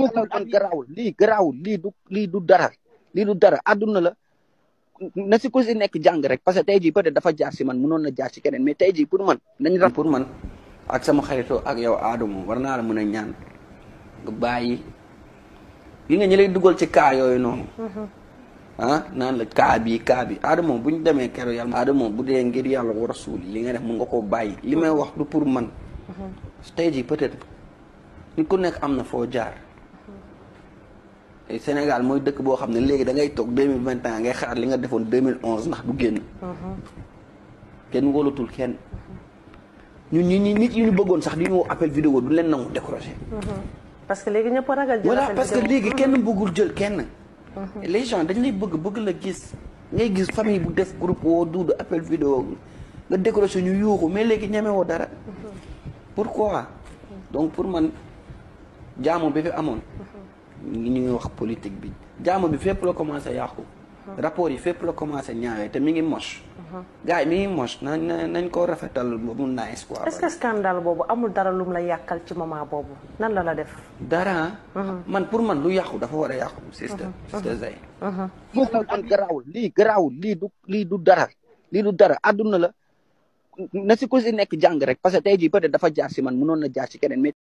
moo ko lii garaawul lii du lii du dara lii du dara àdduna la na si ku si nekk jàng rek parce que tey jii peut dafa jaar si man mënoon na jaar si keneen mais tey jii pour man nañ rab pour man ak sama xaritoo ak yow Adamo war naa la mën a ñaan nga bàyyi gi nga ñi lay dugal ci cas yooyu noonu mhm. ah naan la cas bi cas bi Adamo bu ñu demee kero yàlla Adamo bu dee ngir yàlla war a li nga def mën nga koo bàyyi li may wax du pour man mhm. tey jii peut-être ku nekk am na foo jaar Sénégal mooy dëkk boo xam ne léegi da ngay toog deux mille vingt ans ngay xaar li nga defoon deux mille onze ndax du génn. kenn wóolatul kenn. ñun ñi ñi nit yi ñu bëggoon sax di ñu woo appel vidéo du leen nangu décroché. parce que léegi ñëpp ragal jël voilà parce que léegi kenn mhm. bëggul jël kenn. Mhm. les gens dañ lay bëgg bëgg la gis. ngay gis famille bu def groupe woo duudu appel vidéo nga décroché ñu yuuxu mais léegi ñemewoo dara. Mhm. pourquoi donc pour man jaamu bi fi amoon. ñu ngi wax politique bi jàmm bi fépp la commencé yàqu. rapport yi fépp la commencé ñaawee te mi ngi moche. gars yi mi ngi moche nañ nañ ko rafetal mun naa espoir. est-ce que scandale boobu amul dara lum la yàqal ci moment boobu nan la la def. dara. man pour man lu yàqu dafa war a yàqu. sister sister Zey. foofu man garaawul lii garaawul lii du lii du dara lii du dara àdduna la na si ku si nekk jàng rek parce que tey jii peut dafa jaar si man mënoon na jaar si keneen